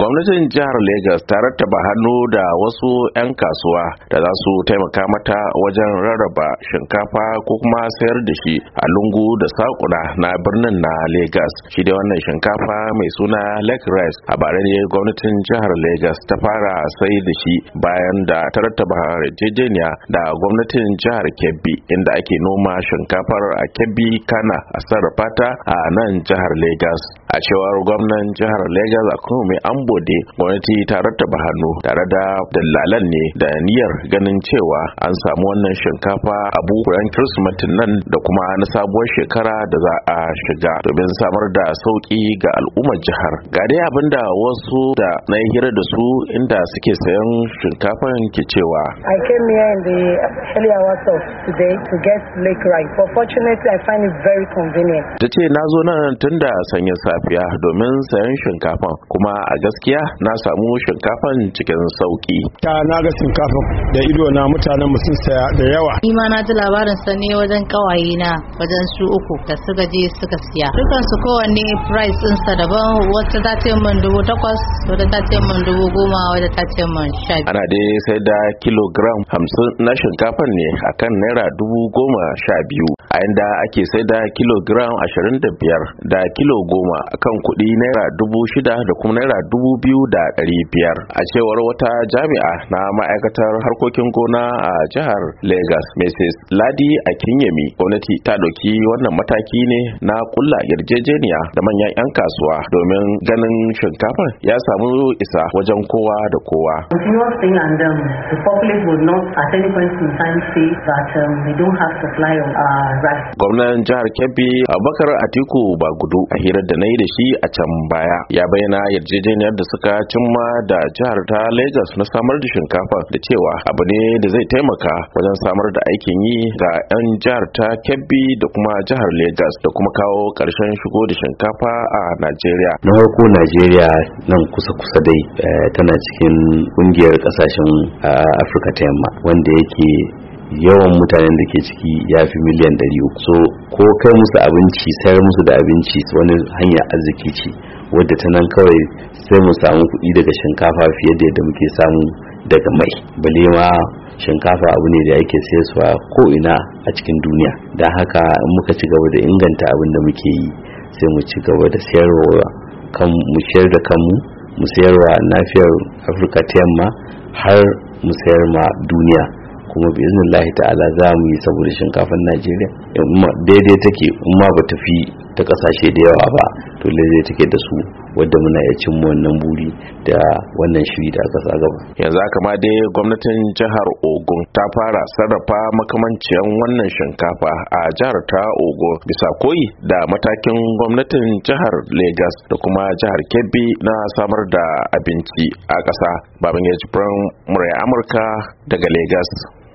gwamnatin jihar lagos ta rattaba hannu da wasu 'yan kasuwa da za su taimaka mata wajen rarraba shinkafa ko kuma sayar da shi a lungu da sakuna na birnin na lagos shi da wannan shinkafa mai suna lake rice a bare ne gwamnatin jihar lagos ta fara sai da shi bayan da ta rattaba yarjejeniya da gwamnatin jihar kebbi inda ake noma shinkafar a kebbi kana a sarrafa ta a nan jihar lagos a cewar gwamnan jihar Legas a an Ambode gwamnati ta rattaba hannu tare da dalalan ne da niyyar ganin cewa an samu wannan shinkafa a bukuran kirsimatin nan da kuma na sabuwar shekara da za a shiga domin samar da sauki ga al'ummar jihar. Ga dai abin da wasu da na hira da su inda suke sayan shinkafan ke cewa. I came here in the early hours of today to get lake but fortunately I find it very convenient. Ta ce na zo nan tun da sanyin lafiya domin sayan shinkafan kuma a gaskiya na samu shinkafan cikin sauki ta na ga shinkafan da ido na mutanen mu saya da yawa ni ma na ji labarin sani wajen kawaye na wajen su uku da suka je suka siya dukan su kowanne price din sa daban wata ta ce min dubu takwas wata ta ce min dubu goma wata ta ce min sha ana dai sai da kilogram hamsin na shinkafan ne akan naira dubu goma sha biyu a inda ake sai da kilogram 25 da kilo goma kan kuɗi naira dubu shida da kuma naira dubu biyu da ɗari biyar a cewar wata jami'a na ma'aikatar harkokin gona a jihar lagos mrs ladi akinyemi gwamnati ta ɗauki wannan mataki ne na kulla yarjejeniya da manyan 'yan kasuwa domin ganin shinkafa ya samu isa wajen kowa da kowa The populace um, would not at any point in time say that um, don't have supply of uh, Gwamnan jihar Kebbi Abubakar Atiku ba gudu a hirar da na yi da shi a can baya ya bayyana yarjejeniyar da suka cimma da jihar ta Lagos na samar da shinkafa da cewa abu ne da zai taimaka wajen samar da aikin yi ga 'yan jihar ta Kebbi da kuma jihar Lagos da kuma kawo ƙarshen shigo da shinkafa a Najeriya. Na farko Najeriya nan kusa-kusa dai eh, tana cikin ƙungiyar ƙasashen ah, Afirka ta Yamma wanda yake yawan mutanen da ke ciki ya fi miliyan 300 so ko kai musu abinci sayar musu da abinci wani hanyar arziki ce wadda ta nan kawai sai mu samu kuɗi daga shinkafa fiye da yadda muke samu daga mai bale ma shinkafa abu ne da yake sayarwa ko ina a cikin duniya don haka muka ci gaba da inganta abin da muke yi sai mu ci gaba da sayarwa kan mu sayar da kanmu mu sayarwa nafiyar afirka ta yamma har mu sayar ma duniya kuma bi iznillahi ta'ala za mu yi saboda shinkafan Najeriya daidai take ma ba ta fi ta kasashe da yawa ba to daidai take da su wadda muna ya cin wannan buri da wannan shiri da aka sa gaba yanzu aka ma dai gwamnatin jihar Ogun ta fara sarrafa makamanciyar wannan shinkafa a jihar ta Ogun bisa koyi da matakin gwamnatin jihar Lagos da kuma jihar Kebbi na samar da abinci a ƙasa baban ya murai Amurka daga Lagos